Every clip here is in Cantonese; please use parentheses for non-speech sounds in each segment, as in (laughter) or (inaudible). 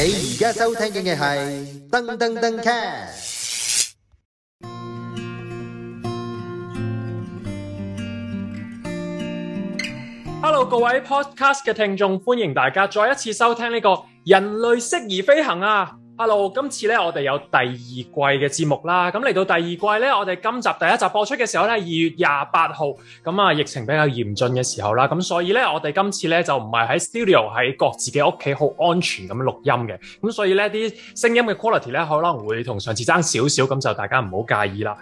你而家收聽嘅係噔噔噔 cast。Hello，各位 podcast 嘅聽眾，歡迎大家再一次收聽呢、這個人類適宜飛行啊！Hello，今次咧我哋有第二季嘅節目啦，咁嚟到第二季咧，我哋今集第一集播出嘅時候咧，二月廿八號，咁啊疫情比較嚴峻嘅時候啦，咁所以咧我哋今次咧就唔係喺 studio 喺各自嘅屋企好安全咁錄音嘅，咁所以咧啲聲音嘅 quality 咧可能會同上次差少少，咁就大家唔好介意啦。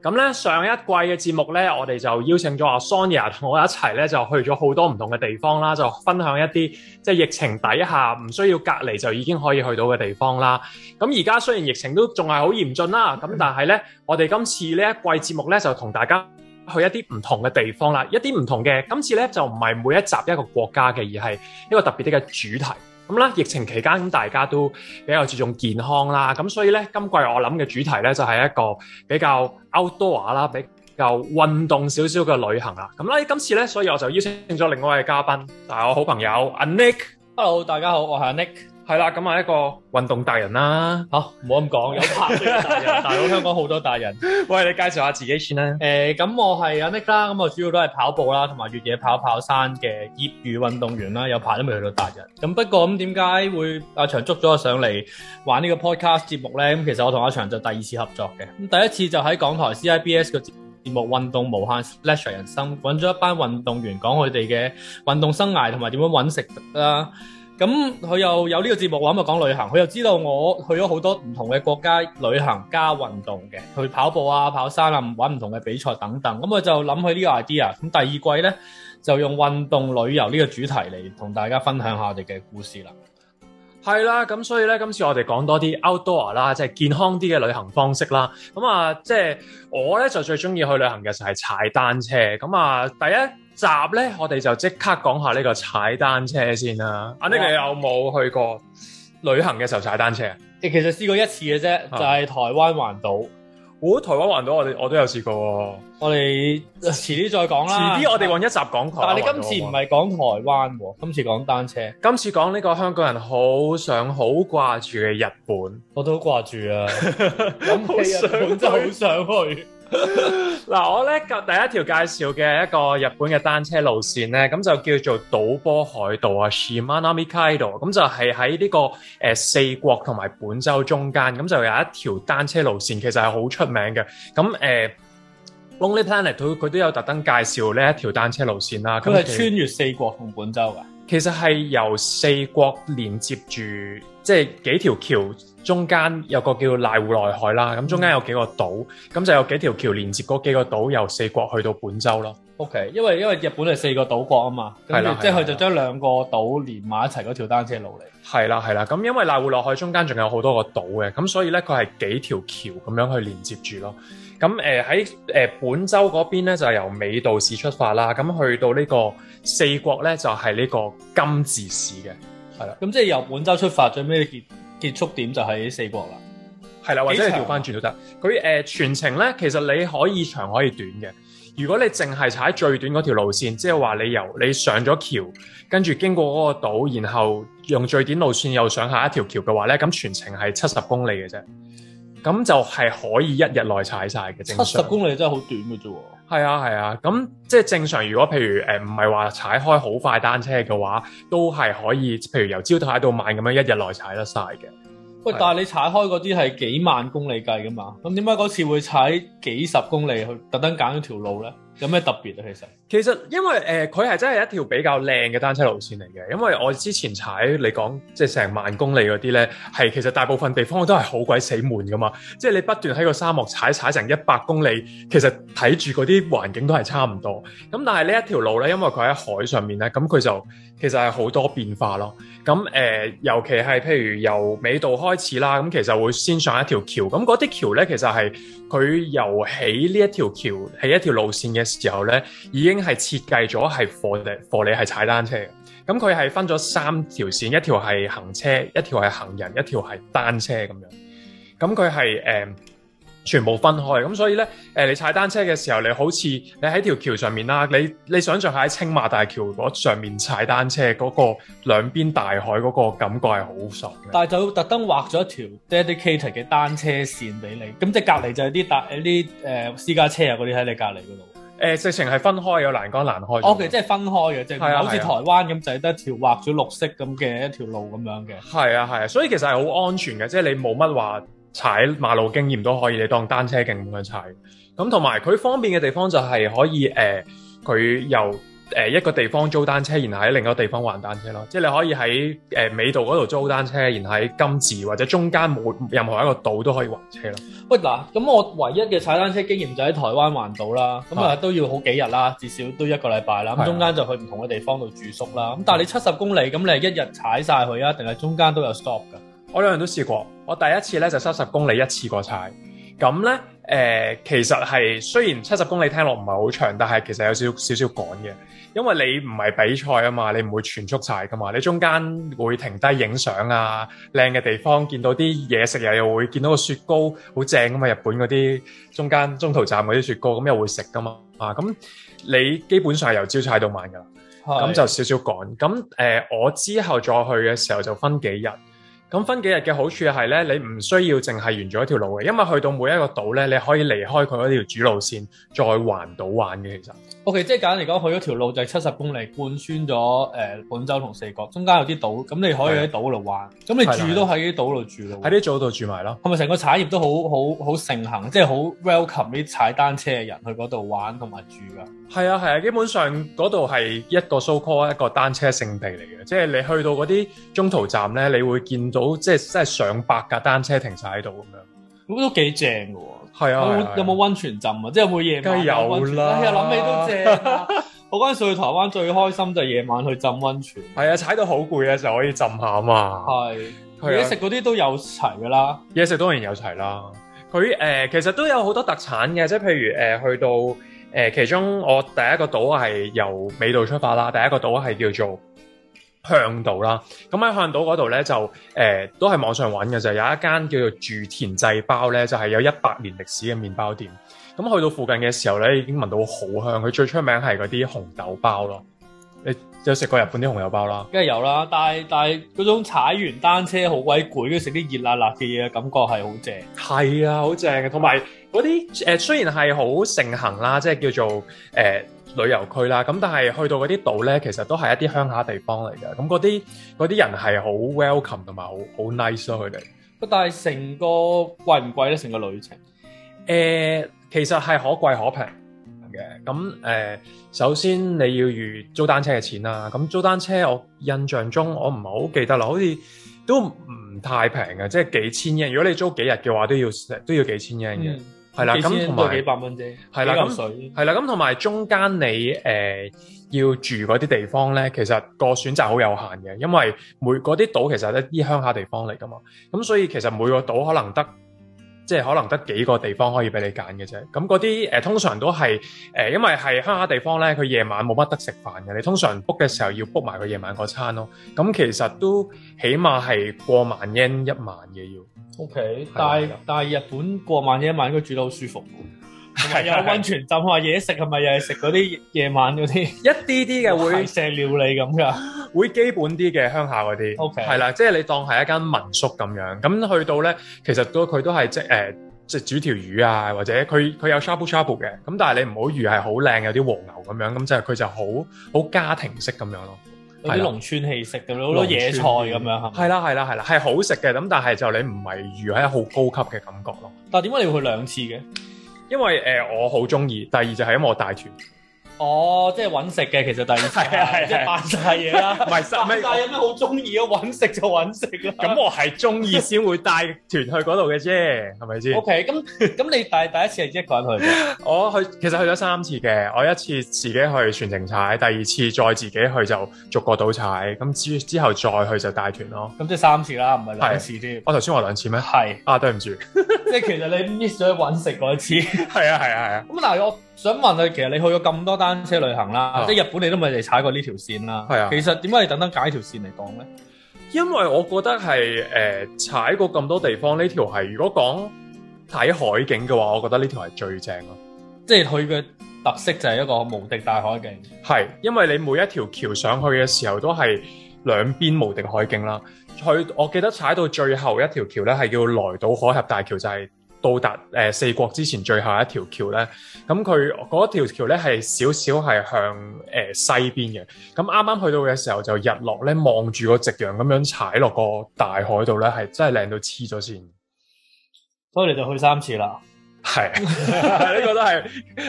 咁呢上一季嘅節目呢，我哋就邀請咗阿 Sonya 同我一齊呢，就去咗好多唔同嘅地方啦，就分享一啲即係疫情底下唔需要隔離就已經可以去到嘅地方啦。咁而家雖然疫情都仲係好嚴峻啦，咁但係呢，我哋今次呢一季節目呢就同大家去一啲唔同嘅地方啦，一啲唔同嘅今次呢就唔係每一集一個國家嘅，而係一個特別啲嘅主題。咁呢，疫情期間，咁大家都比較注重健康啦，咁所以呢今季我諗嘅主題呢就係一個比較 outdoor 啦，比較運動少少嘅旅行啦。咁呢今次呢，所以我就邀請咗另外一位嘉賓，就係我好朋友阿 Nick。Hello，大家好，我係阿 Nick。係啦，咁係一個運動達人啦、啊，嚇、啊，唔好咁講， (laughs) 有排嘅達人，大佬 (laughs) 香港好多達人。 (laughs) 喂，你介紹下自己先啦。誒、呃，咁我係阿 Nick 啦，咁我主要都係跑步啦，同埋越野跑跑山嘅業餘運動員啦，有排都未去到達人。咁不過咁點解會阿祥捉咗我上嚟玩呢個 podcast 節目咧？咁其實我同阿祥就第二次合作嘅，咁第一次就喺港台 CIBS 個節目《運動無限 Let’s Share 人生》，揾咗一班運動員講佢哋嘅運動生涯同埋點樣揾食啦。咁佢又有呢個節目，咁就講旅行。佢又知道我去咗好多唔同嘅國家旅行加運動嘅，去跑步啊、跑山啊、玩唔同嘅比賽等等。咁佢就諗起呢個 idea。咁第二季咧就用運動旅遊呢個主題嚟同大家分享下我哋嘅故事啦。係啦，咁所以咧今次我哋講多啲 outdoor 啦，即係健康啲嘅旅行方式啦。咁啊，即係我咧就最中意去旅行嘅就係踩單車。咁啊，第一。集呢，我哋就即刻講下呢個踩單車先啦。啊，你有冇去過旅行嘅時候踩單車啊？你其實試過一次嘅啫，嗯、就係台灣環島。譁、哦！台灣環島我，我哋我都有試過、哦。我哋遲啲再講啦。遲啲我哋揾一集講佢。但係你今次唔係講台灣喎，今次講單車。今次講呢個香港人好想、好掛住嘅日本。我都好掛住啊！咁、 (laughs) 啊、日本真係好想去。嗱， (laughs) 我咧第一條介紹嘅一個日本嘅單車路線咧，咁就叫做島波海道啊，Shimanami Kaido。咁 Ka 就係喺呢個誒、呃、四國同埋本州中間，咁就有一條單車路線，其實係好出名嘅。咁誒、呃、Lonely Planet 佢佢都有特登介紹呢一條單車路線啦。咁係穿越四國同本州噶、啊，其實係由四國連接住，即係幾條橋。中間有個叫瀨戶內海啦，咁中間有幾個島，咁、嗯、就有幾條橋連接嗰幾個島，由四國去到本州咯。OK，因為因為日本係四個島國啊嘛，咁即係佢就將兩個島連埋一齊嗰條單車路嚟。係啦係啦，咁因為瀨戶內海中間仲有好多個島嘅，咁所以呢，佢係幾條橋咁樣去連接住咯。咁誒喺誒本州嗰邊呢就由尾道市出發啦，咁去到呢個四國呢，就係、是、呢個今治市嘅。係啦，咁即係由本州出發最尾結束點就喺四國啦，係啦，或者調返轉都得。佢誒、啊呃、全程咧，其實你可以長可以短嘅。如果你淨係踩最短嗰條路線，即係話你由你上咗橋，跟住經過嗰個島，然後用最短路線又上下一條橋嘅話咧，咁全程係七十公里嘅啫。咁就係可以一日內踩晒嘅，正常。七十公里真係好短嘅啫。係啊係啊，咁、啊、即係正常。如果譬如誒唔係話踩開好快單車嘅話，都係可以，譬如由朝頭早到晚咁樣一日內踩得晒嘅。喂，啊、但係你踩開嗰啲係幾萬公里計㗎嘛？咁點解嗰次會踩幾十公里去特登揀咗條路咧？有咩特別啊？其實其實因為誒，佢、呃、係真係一條比較靚嘅單車路線嚟嘅。因為我之前踩你講即係成萬公里嗰啲咧，係其實大部分地方都係好鬼死悶噶嘛。即係你不斷喺個沙漠踩踩成一百公里，其實睇住嗰啲環境都係差唔多。咁但係呢一條路咧，因為佢喺海上面咧，咁佢就其實係好多變化咯。咁誒、呃，尤其係譬如由尾道開始啦，咁其實會先上一條橋。咁嗰啲橋咧，其實係佢由起呢一條橋係一條路線嘅。時候咧，已經係設計咗係 for for 你係踩單車嘅，咁佢係分咗三條線，一條係行車，一條係行人，一條係單車咁樣，咁佢係誒全部分開，咁、嗯、所以咧誒、呃、你踩單車嘅時候，你好似你喺條橋上面啦，你你想象下喺青馬大橋嗰上面踩單車嗰、嗰個兩邊大海嗰個感覺係好爽嘅。但係就特登畫咗一條 dedicated 嘅單車線俾你，咁即係隔籬就係啲搭啲誒私家車啊嗰啲喺你隔籬嗰度。誒，呃、直情係分開，有欄杆欄開。OK，其實即係分開嘅，即係好似台灣咁，就得、啊、條畫咗綠色咁嘅一條路咁樣嘅。係啊，係啊，所以其實係好安全嘅，即係你冇乜話踩馬路經驗都可以，你當單車徑咁樣踩。咁同埋佢方便嘅地方就係可以誒，佢、呃、由。誒一個地方租單車，然後喺另一個地方還單車咯。即係你可以喺誒尾道嗰度租單車，然後喺今治或者中間冇任何一個島都可以還車咯。喂，嗱，咁我唯一嘅踩單車經驗就喺台灣環島啦，咁啊都要好幾日啦，至少都一個禮拜啦。咁中間就去唔同嘅地方度住宿啦。咁的但係你七十公里，咁你係一日踩晒佢啊，定係中間都有 stop 噶？我兩人都試過，我第一次咧就七十公里一次過踩，咁咧。誒、呃，其實係雖然七十公里聽落唔係好長，但係其實有少少少趕嘅，因為你唔係比賽啊嘛，你唔會全速晒噶嘛，你中間會停低影相啊，靚嘅地方見到啲嘢食，又又會見到個雪糕好正啊嘛，日本嗰啲中間中途站嗰啲雪糕咁又會食噶嘛，啊咁你基本上由朝踩到晚噶啦，咁是就少少趕，咁誒、呃、我之後再去嘅時候就分幾日。咁分幾日嘅好處係咧，你唔需要淨係沿住一條路嘅，因為去到每一個島咧，你可以離開佢嗰條主路線，再環島玩嘅。其實，O.K.，即係簡單嚟講，去咗條路就係七十公里貫穿咗誒、呃、本州同四國，中間有啲島，咁你可以喺島度玩，咁的你住都喺啲島度住咯，喺啲島度住埋的咯。係咪成個產業都好好好盛行，即係好 welcome 啲踩單車嘅人去嗰度玩同埋住㗎？係啊係啊，基本上嗰度係一個 so called 一個單車勝地嚟嘅，即係你去到嗰啲中途站咧，你會見到。到即係真係上百架單車停晒喺度咁樣，咁都幾正嘅喎。啊，啊啊啊啊有冇溫泉浸啊？即係每夜。梗有啦。日、哎、諗起都正，啊。 (laughs) 我嗰陣時去台灣最開心就係夜晚去浸溫泉。係啊，踩到好攰嘅時候可以浸下啊嘛。係，啊。嘢、啊、食嗰啲都有齊㗎啦。嘢食當然有齊啦。佢誒、啊呃、其實都有好多特產嘅，即係譬如誒、呃、去到誒、呃、其中我第一個島係由尾道出發啦，第一個島係叫做。向島啦，咁喺向島嗰度咧就誒、欸、都係網上揾嘅就有一間叫做住田製包咧，就係、是、有一百年歷史嘅麵包店。咁去到附近嘅時候咧，已經聞到好香。佢最出名係嗰啲紅豆包咯。你有食過日本啲紅豆包啦？梗係有啦，但係但係嗰種踩完單車好鬼攰，食啲熱辣辣嘅嘢感覺係好正。係啊，好正嘅，同埋。嗰啲誒雖然係好盛行啦，即係叫做誒、呃、旅遊區啦，咁但係去到嗰啲島咧，其實都係一啲鄉下地方嚟嘅。咁嗰啲啲人係好 welcome 同埋好好 nice 咯，佢哋。不，但係成個貴唔貴咧？成個旅程誒、呃，其實係可貴可平嘅。咁、嗯、誒、呃，首先你要預租單車嘅錢啦。咁租單車，我印象中我唔係好記得啦，好似都唔太平嘅，即係幾千日圓。如果你租幾日嘅話，都要都要幾千日圓嘅。嗯係啦，咁同埋幾百蚊啫，係啦，咁係啦，咁同埋中間你誒、呃、要住嗰啲地方咧，其實個選擇好有限嘅，因為每嗰啲島其實一啲鄉下地方嚟㗎嘛，咁所以其實每個島可能得。即係可能得幾個地方可以俾你揀嘅啫，咁嗰啲誒通常都係誒、呃，因為係鄉下地方咧，佢夜晚冇乜得食飯嘅，你通常 book 嘅時候要 book 埋佢夜晚嗰餐咯。咁其實都起碼係過萬 yen 一晚嘅要。O Okay , K，的但係的但係日本過萬 yen 一晚，應該住得好舒服。係有温泉浸下，嘢食係咪又係食嗰啲夜晚嗰啲一啲啲嘅會席料理咁噶，是會基本啲嘅鄉下嗰啲，係啦 Okay.，即係你當係一間民宿咁樣。咁去到咧，其實都佢都係即誒，即、呃、係煮條魚啊，或者佢佢有 shabu shabu 嘅。咁但係你唔好如係好靚，有啲和牛咁樣。咁就佢就好好家庭式咁樣咯，有啲農村氣息咁咯，好的多野菜咁樣係。係啦係啦係啦，係好食嘅。咁但係就你唔係如喺好高級嘅感覺咯。但係點解你要去兩次嘅？因為誒、呃、我好中意，第二就係因為我帶團。哦，即係揾食嘅，其實第二次，即係扮晒嘢啦，唔係扮晒，但有咩好中意啊？揾食就揾食啦。咁我係中意先會帶團去嗰度嘅啫，係咪先？OK，咁咁你第第一次係一個人去嘅？我去其實去咗三次嘅，我一次自己去全程踩，第二次再自己去就逐個島踩，咁之之後再去就帶團咯。咁即係三次啦，唔係兩次添。我頭先話兩次咩？係啊，對唔住。即係其實你 miss 咗去揾食嗰一次。係啊係啊係啊。咁但係我。想問佢，其實你去咗咁多單車旅行啦，啊、即係日本你都未嚟踩過呢條線啦。係是啊，其實點解你等等揀條線嚟講咧？因為我覺得係誒踩過咁多地方，呢條係如果講睇海景嘅話，我覺得呢條係最正咯。即係佢嘅特色就係一個無敵大海景。係，因為你每一條橋上去嘅時候都係兩邊無敵海景啦。去，我記得踩到最後一條橋咧，係叫來島海峽大橋就係、是。到達誒四國之前最後一條橋咧，咁佢嗰條橋咧係少少係向誒西邊嘅。咁啱啱去到嘅時候就日落咧，望住個夕陽咁樣踩落個大海度咧，係真係靚到黐咗線。所以你就去三次啦，係呢、啊、 (laughs) (laughs) 個都係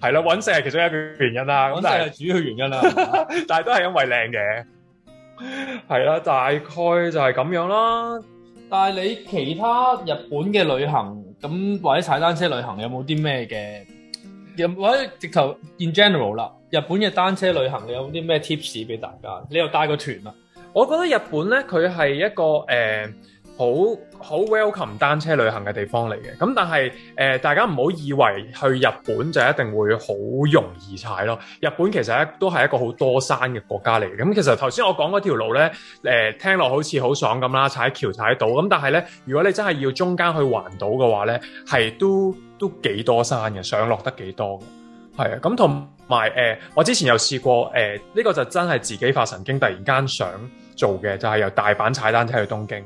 係啦，揾、啊、食係其中一個原因啦。咁但係主要原因啦， (laughs) 但係都係因為靚嘅係啦，大概就係咁樣啦。但係你其他日本嘅旅行？咁或者踩單車旅行有冇啲咩嘅？又或者直頭 in general 啦，日本嘅單車旅行有冇啲咩 tips 俾大家？你又帶個團啦？我覺得日本咧佢係一個誒。呃好好 welcome 單車旅行嘅地方嚟嘅。咁但係誒、呃，大家唔好以為去日本就一定會好容易踩咯。日本其實都係一個好多山嘅國家嚟嘅。咁、嗯、其實頭先我講嗰條路咧誒、呃，聽落好似好爽咁啦，踩橋踩島。咁但係咧，如果你真係要中間去環島嘅話咧，係都都幾多山嘅，上落得幾多嘅係啊。咁同埋誒，我之前又試過誒，呢、呃這個就真係自己發神經，突然間想做嘅就係、是、由大阪踩單車去東京。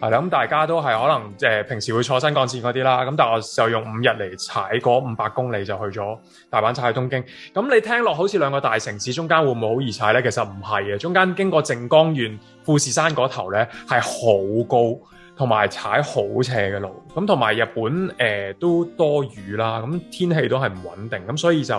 係咁、嗯、大家都係可能誒、呃、平時會坐新幹線嗰啲啦，咁但係我就用五日嚟踩嗰五百公里就去咗大阪、踩去東京。咁你聽落好似兩個大城市中間會唔會好易踩呢？其實唔係嘅，中間經過靜岡縣富士山嗰頭呢係好高，同埋踩好斜嘅路。咁同埋日本誒、呃、都多雨啦，咁天氣都係唔穩定，咁所以就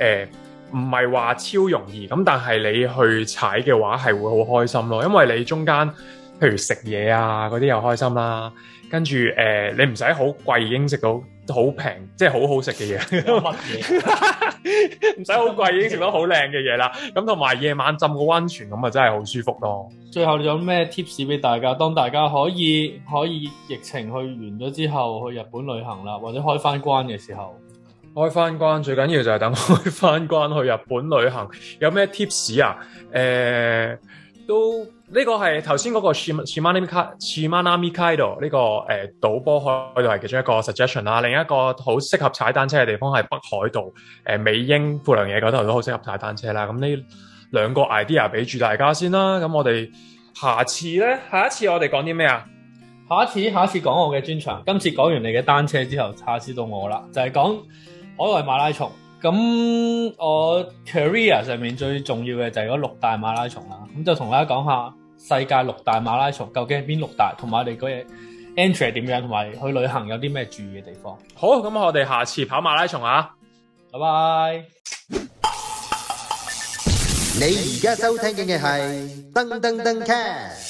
誒唔係話超容易。咁但係你去踩嘅話係會好開心咯，因為你中間。譬如食嘢啊，嗰啲又開心啦。跟住誒、呃，你唔使好貴已經食到好平，即係好好食嘅嘢。唔使好貴已經食到好靚嘅嘢啦。咁同埋夜晚浸個溫泉咁啊，真係好舒服咯。最後有咩 tips 俾大家？當大家可以可以疫情去完咗之後去日本旅行啦，或者開翻關嘅時候，開翻關最緊要就係等開翻關關去日本旅行。有咩 tips 啊？誒、呃。都呢、這個係頭先嗰個士、士馬拿米、士馬拿米卡道呢個誒島波海道係其中一個 suggestion 啦。另一個好適合踩單車嘅地方係北海道誒、呃、美瑛富良野嗰度都好適合踩單車啦。咁呢兩個 idea 俾住大家先啦。咁我哋下次呢，下一次我哋講啲咩啊？下一次下一次講我嘅專場，今次講完你嘅單車之後，下次到我啦，就係、是、講海外馬拉松。咁我 career 上面最重要嘅就係嗰六大馬拉松啦，咁就同大家講下世界六大馬拉松究竟係邊六大？同埋我哋嗰日 entry 係點樣？同埋去旅行有啲咩注意嘅地方。好，咁我哋下次跑馬拉松啊，拜拜 bye。你而家收聽嘅係登登登 cast。登登登登